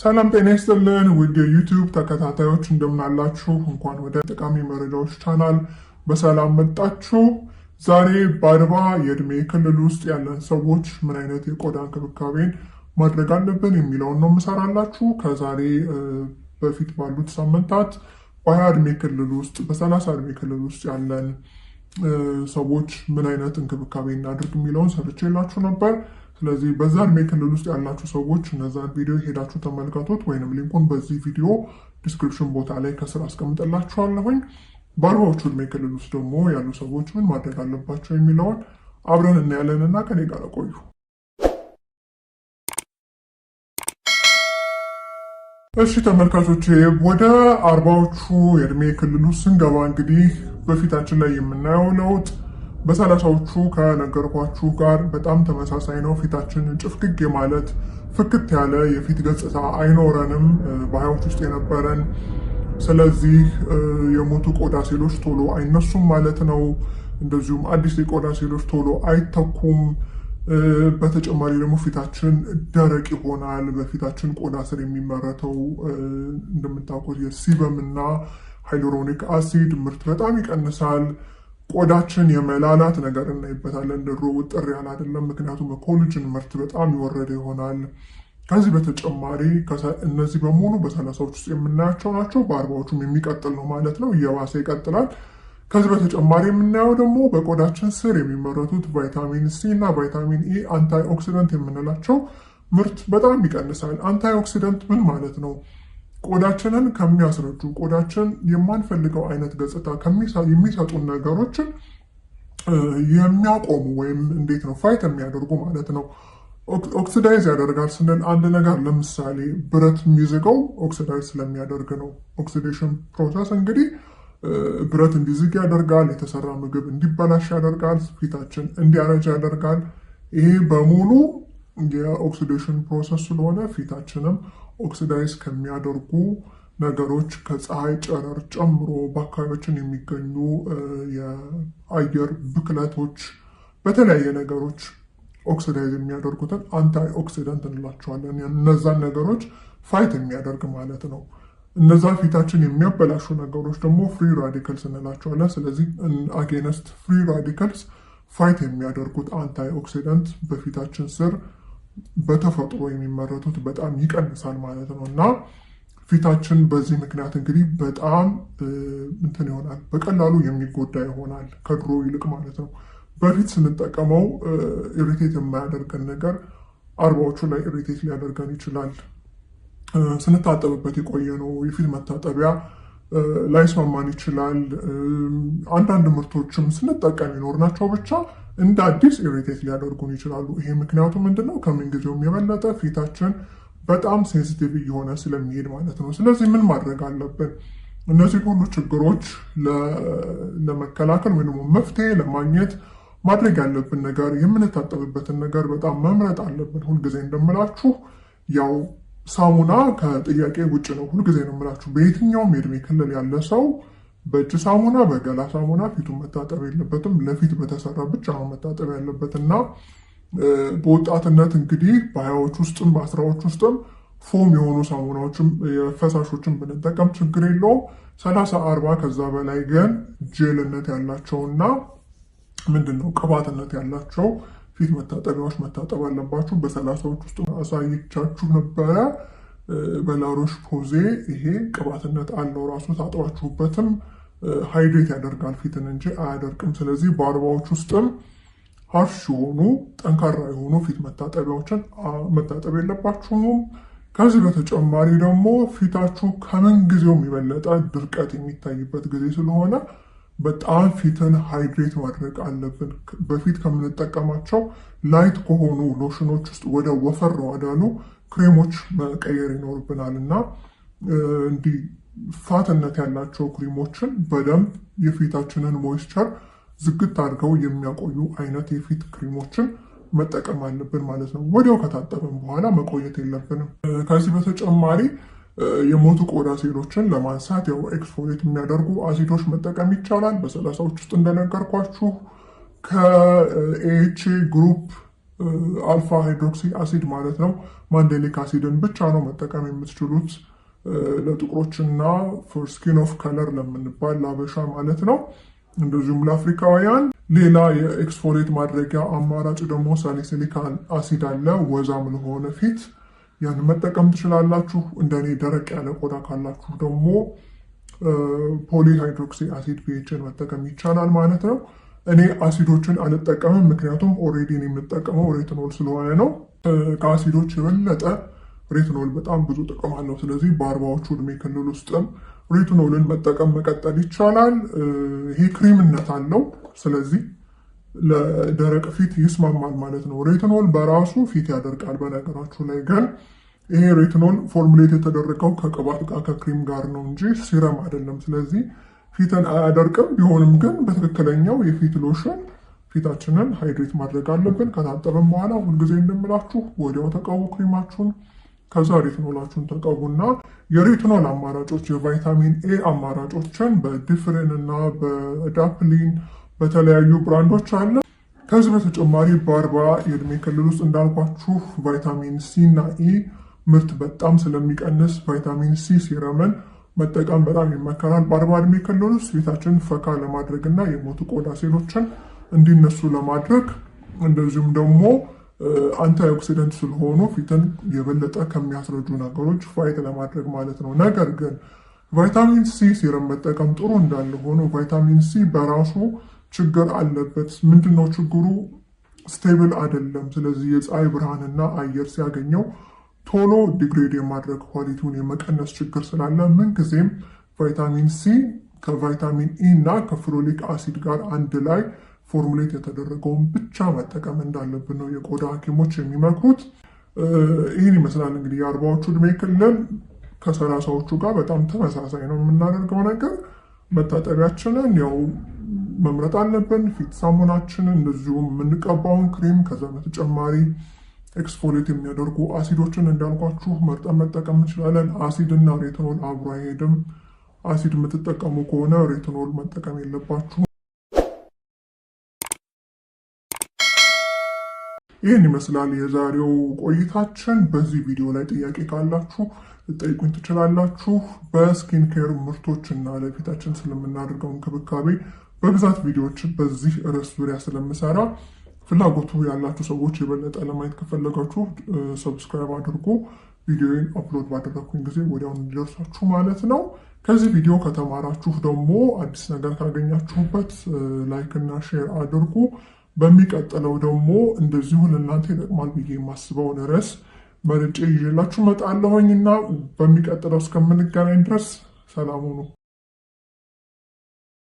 ሰላም ጤና ይስጥልን ውድ የዩቲዩብ ተከታታዮች እንደምናላችሁ። እንኳን ወደ ጠቃሚ መረጃዎች ቻናል በሰላም መጣችሁ። ዛሬ በአርባ የእድሜ ክልል ውስጥ ያለን ሰዎች ምን አይነት የቆዳ እንክብካቤን ማድረግ አለብን የሚለውን ነው የምሰራላችሁ። ከዛሬ በፊት ባሉት ሳምንታት በሀያ እድሜ ክልል ውስጥ በሰላሳ እድሜ ክልል ውስጥ ያለን ሰዎች ምን አይነት እንክብካቤ እናድርግ የሚለውን ሰርቼላችሁ ነበር። ስለዚህ በዛ እድሜ ክልል ውስጥ ያላችሁ ሰዎች እነዛን ቪዲዮ ሄዳችሁ ተመልከቱት፣ ወይንም ሊንኩን በዚህ ቪዲዮ ዲስክሪፕሽን ቦታ ላይ ከስር አስቀምጥላችኋለሁኝ። በአርባዎቹ እድሜ ክልል ውስጥ ደግሞ ያሉ ሰዎች ምን ማድረግ አለባቸው የሚለውን አብረን እናያለንና ከኔ ጋር ቆዩ። እሺ ተመልካቾች፣ ወደ አርባዎቹ የእድሜ ክልል ውስጥ ስንገባ እንግዲህ በፊታችን ላይ የምናየው ለውጥ በሰላሳዎቹ ከነገርኳችሁ ጋር በጣም ተመሳሳይ ነው። ፊታችን ጭፍግግ ማለት ፍክት ያለ የፊት ገጽታ አይኖረንም በሀያዎች ውስጥ የነበረን። ስለዚህ የሞቱ ቆዳ ሴሎች ቶሎ አይነሱም ማለት ነው። እንደዚሁም አዲስ የቆዳ ሴሎች ቶሎ አይተኩም። በተጨማሪ ደግሞ ፊታችን ደረቅ ይሆናል። በፊታችን ቆዳ ስር የሚመረተው እንደምታውቁት የሲበም እና ሃይሎሮኒክ አሲድ ምርት በጣም ይቀንሳል። ቆዳችን የመላላት ነገር እናይበታለን። ድሮ ውጥር ያለ አይደለም፣ ምክንያቱም ኮሎጅን ምርት በጣም የወረደ ይሆናል። ከዚህ በተጨማሪ እነዚህ በሙሉ በሰላሳዎች ውስጥ የምናያቸው ናቸው። በአርባዎቹም የሚቀጥል ነው ማለት ነው፣ እየባሰ ይቀጥላል። ከዚህ በተጨማሪ የምናየው ደግሞ በቆዳችን ስር የሚመረቱት ቫይታሚን ሲ እና ቫይታሚን ኢ አንታይ ኦክሲደንት የምንላቸው ምርት በጣም ይቀንሳል። አንታይ ኦክሲደንት ምን ማለት ነው? ቆዳችንን ከሚያስረጁ ቆዳችን የማንፈልገው አይነት ገጽታ የሚሰጡን ነገሮችን የሚያቆሙ ወይም እንዴት ነው ፋይት የሚያደርጉ ማለት ነው። ኦክሲዳይዝ ያደርጋል ስንል አንድ ነገር ለምሳሌ ብረት የሚዝገው ኦክሲዳይዝ ስለሚያደርግ ነው። ኦክሲዴሽን ፕሮሰስ እንግዲህ ብረት እንዲዝግ ያደርጋል፣ የተሰራ ምግብ እንዲበላሽ ያደርጋል፣ ፊታችን እንዲያረጅ ያደርጋል። ይሄ በሙሉ የኦክሲዴሽን ፕሮሰስ ስለሆነ ፊታችንም ኦክሲዳይዝ ከሚያደርጉ ነገሮች ከፀሐይ ጨረር ጨምሮ በአካባቢያችን የሚገኙ የአየር ብክለቶች በተለያየ ነገሮች ኦክሲዳይዝ የሚያደርጉትን አንታይ ኦክሲደንት እንላቸዋለን። እነዛን ነገሮች ፋይት የሚያደርግ ማለት ነው። እነዛ ፊታችን የሚያበላሹ ነገሮች ደግሞ ፍሪ ራዲካልስ እንላቸዋለን። ስለዚህ አጌነስት ፍሪ ራዲካልስ ፋይት የሚያደርጉት አንታይ ኦክሲደንት በፊታችን ስር በተፈጥሮ የሚመረቱት በጣም ይቀንሳል ማለት ነው እና ፊታችን በዚህ ምክንያት እንግዲህ በጣም እንትን ይሆናል፣ በቀላሉ የሚጎዳ ይሆናል ከድሮ ይልቅ ማለት ነው። በፊት ስንጠቀመው ኢሪቴት የማያደርገን ነገር አርባዎቹ ላይ ኢሪቴት ሊያደርገን ይችላል። ስንታጠብበት የቆየ ነው የፊት መታጠቢያ ላይስማማን ይችላል። አንዳንድ ምርቶችም ስንጠቀም ይኖርናቸው ብቻ እንደ አዲስ ኢሪቴት ሊያደርጉን ይችላሉ። ይሄ ምክንያቱ ምንድነው? ከምንጊዜውም የበለጠ ፊታችን በጣም ሴንሲቲቭ እየሆነ ስለሚሄድ ማለት ነው። ስለዚህ ምን ማድረግ አለብን? እነዚህ ሁሉ ችግሮች ለመከላከል ወይም መፍትሄ ለማግኘት ማድረግ ያለብን ነገር የምንታጠብበትን ነገር በጣም መምረጥ አለብን። ሁልጊዜ እንደምላችሁ ያው ሳሙና ከጥያቄ ውጭ ነው። ሁልጊዜ ነው የምላችሁ፣ በየትኛውም የእድሜ ክልል ያለ ሰው በእጅ ሳሙና በገላ ሳሙና ፊቱን መታጠብ የለበትም። ለፊት በተሰራ ብቻ ነው መታጠብ ያለበት እና በወጣትነት እንግዲህ በሀያዎች ውስጥም በአስራዎች ውስጥም ፎም የሆኑ ሳሙናዎችም የፈሳሾችን ብንጠቀም ችግር የለውም። ሰላሳ አርባ ከዛ በላይ ግን ጄልነት ያላቸውና ምንድን ነው ቅባትነት ያላቸው ፊት መታጠቢያዎች መታጠብ አለባችሁ። በሰላሳዎች ውስጥ አሳይቻችሁ ነበረ። በላሮሽ ፖዜ ይሄ ቅባትነት አለው ራሱ ታጥባችሁበትም ሃይድሬት ያደርጋል ፊትን እንጂ አያደርቅም። ስለዚህ በአርባዎች ውስጥም ሀርሽ የሆኑ ጠንካራ የሆኑ ፊት መታጠቢያዎችን መታጠብ የለባችሁም። ከዚህ በተጨማሪ ደግሞ ፊታችሁ ከምን ጊዜው የሚበለጠ ድርቀት የሚታይበት ጊዜ ስለሆነ በጣም ፊትን ሃይድሬት ማድረግ አለብን። በፊት ከምንጠቀማቸው ላይት ከሆኑ ሎሽኖች ውስጥ ወደ ወፈር ወዳሉ ክሬሞች መቀየር ይኖርብናል እና እንዲህ ፋትነት ያላቸው ክሬሞችን በደንብ የፊታችንን ሞይስቸር ዝግት አድርገው የሚያቆዩ አይነት የፊት ክሬሞችን መጠቀም አለብን ማለት ነው። ወዲያው ከታጠብን በኋላ መቆየት የለብንም። ከዚህ በተጨማሪ የሞቱ ቆዳ ሴሎችን ለማንሳት ያው ኤክስፎሌት የሚያደርጉ አሲዶች መጠቀም ይቻላል። በሰላሳዎች ውስጥ እንደነገርኳችሁ ከኤች ግሩፕ አልፋ ሃይድሮክሲ አሲድ ማለት ነው ማንዴሊክ አሲድን ብቻ ነው መጠቀም የምትችሉት ለጥቁሮች እና ፎር ስኪን ኦፍ ከለር ለምንባል ላበሻ ማለት ነው። እንደዚሁም ለአፍሪካውያን ሌላ የኤክስፎሌት ማድረጊያ አማራጭ ደግሞ ሳሊሲሊክ አሲድ አለ ወዛም ለሆነ ፊት ያን መጠቀም ትችላላችሁ። እንደኔ ደረቅ ያለ ቆዳ ካላችሁ ደግሞ ፖሊሃይድሮክሲ አሲድ ፒኤችን መጠቀም ይቻላል ማለት ነው። እኔ አሲዶችን አልጠቀምም፣ ምክንያቱም ኦሬዲ የምጠቀመው ሬትኖል ስለሆነ ነው። ከአሲዶች የበለጠ ሬትኖል በጣም ብዙ ጥቅም አለው። ስለዚህ በአርባዎቹ እድሜ ክልል ውስጥም ሬትኖልን መጠቀም መቀጠል ይቻላል። ይሄ ክሪምነት አለው። ስለዚህ ለደረቅ ፊት ይስማማል ማለት ነው። ሬትኖል በራሱ ፊት ያደርቃል። በነገራችሁ ላይ ግን ይሄ ሬትኖል ፎርሙሌት የተደረገው ከቅባት ጋር ከክሪም ጋር ነው እንጂ ሲረም አይደለም። ስለዚህ ፊትን አያደርቅም። ቢሆንም ግን በትክክለኛው የፊት ሎሽን ፊታችንን ሃይድሬት ማድረግ አለብን። ከታጠበም በኋላ ሁልጊዜ እንደምላችሁ ወዲያው ተቀቡ ክሪማችሁን፣ ከዛ ሬትኖላችሁን ተቀቡና የሬትኖል አማራጮች የቫይታሚን ኤ አማራጮችን በዲፍሬን እና በዳፕሊን በተለያዩ ብራንዶች አለ። ከዚህ በተጨማሪ በአርባ የእድሜ ክልል ውስጥ እንዳልኳችሁ ቫይታሚን ሲ እና ኢ ምርት በጣም ስለሚቀንስ ቫይታሚን ሲ ሲረመን መጠቀም በጣም ይመከራል። በአርባ እድሜ ክልል ውስጥ ፊታችን ፈካ ለማድረግ እና የሞቱ ቆዳ ሴሎችን እንዲነሱ ለማድረግ እንደዚሁም ደግሞ አንታይ ኦክሲደንት ስለሆኑ ፊትን የበለጠ ከሚያስረጁ ነገሮች ፋይት ለማድረግ ማለት ነው። ነገር ግን ቫይታሚን ሲ ሲረም መጠቀም ጥሩ እንዳለ ሆኖ ቫይታሚን ሲ በራሱ ችግር አለበት። ምንድነው ችግሩ? ስቴብል አይደለም። ስለዚህ የፀሐይ ብርሃንና አየር ሲያገኘው ቶሎ ዲግሬድ የማድረግ ኳሊቲውን የመቀነስ ችግር ስላለ ምንጊዜም ቫይታሚን ሲ ከቫይታሚን ኢ እና ከፍሎሊክ አሲድ ጋር አንድ ላይ ፎርሙሌት የተደረገውን ብቻ መጠቀም እንዳለብን ነው የቆዳ ሐኪሞች የሚመክሩት። ይህን ይመስላል እንግዲህ የአርባዎቹ እድሜ ክልል ከሰላሳዎቹ ጋር በጣም ተመሳሳይ ነው የምናደርገው ነገር መታጠቢያችንን ያው መምረጥ አለብን። ፊት ሳሙናችንን እንደዚሁም የምንቀባውን ክሬም ከዛ በተጨማሪ ኤክስፎሌት የሚያደርጉ አሲዶችን እንዳልኳችሁ መርጠን መጠቀም እንችላለን። አሲድና ሬትኖል አብሮ አይሄድም። አሲድ የምትጠቀሙ ከሆነ ሬትኖል መጠቀም የለባችሁ። ይህን ይመስላል የዛሬው ቆይታችን። በዚህ ቪዲዮ ላይ ጥያቄ ካላችሁ ልጠይቁኝ ትችላላችሁ። በስኪን ኬር ምርቶች እና ለፊታችን ስለምናደርገው እንክብካቤ በብዛት ቪዲዮዎች በዚህ ርዕስ ዙሪያ ስለምሰራ ፍላጎቱ ያላችሁ ሰዎች የበለጠ ለማየት ከፈለጋችሁ ሰብስክራይብ አድርጎ ቪዲዮን አፕሎድ ባደረግኩኝ ጊዜ ወዲያውን እንዲደርሳችሁ ማለት ነው። ከዚህ ቪዲዮ ከተማራችሁ ደግሞ አዲስ ነገር ካገኛችሁበት ላይክ እና ሼር አድርጉ። በሚቀጥለው ደግሞ እንደዚሁ ለእናንተ ይጠቅማል ብዬ የማስበውን ርዕስ መርጬ ይዤላችሁ መጣለሁኝ እና በሚቀጥለው እስከምንገናኝ ድረስ ሰላም ሁኑ።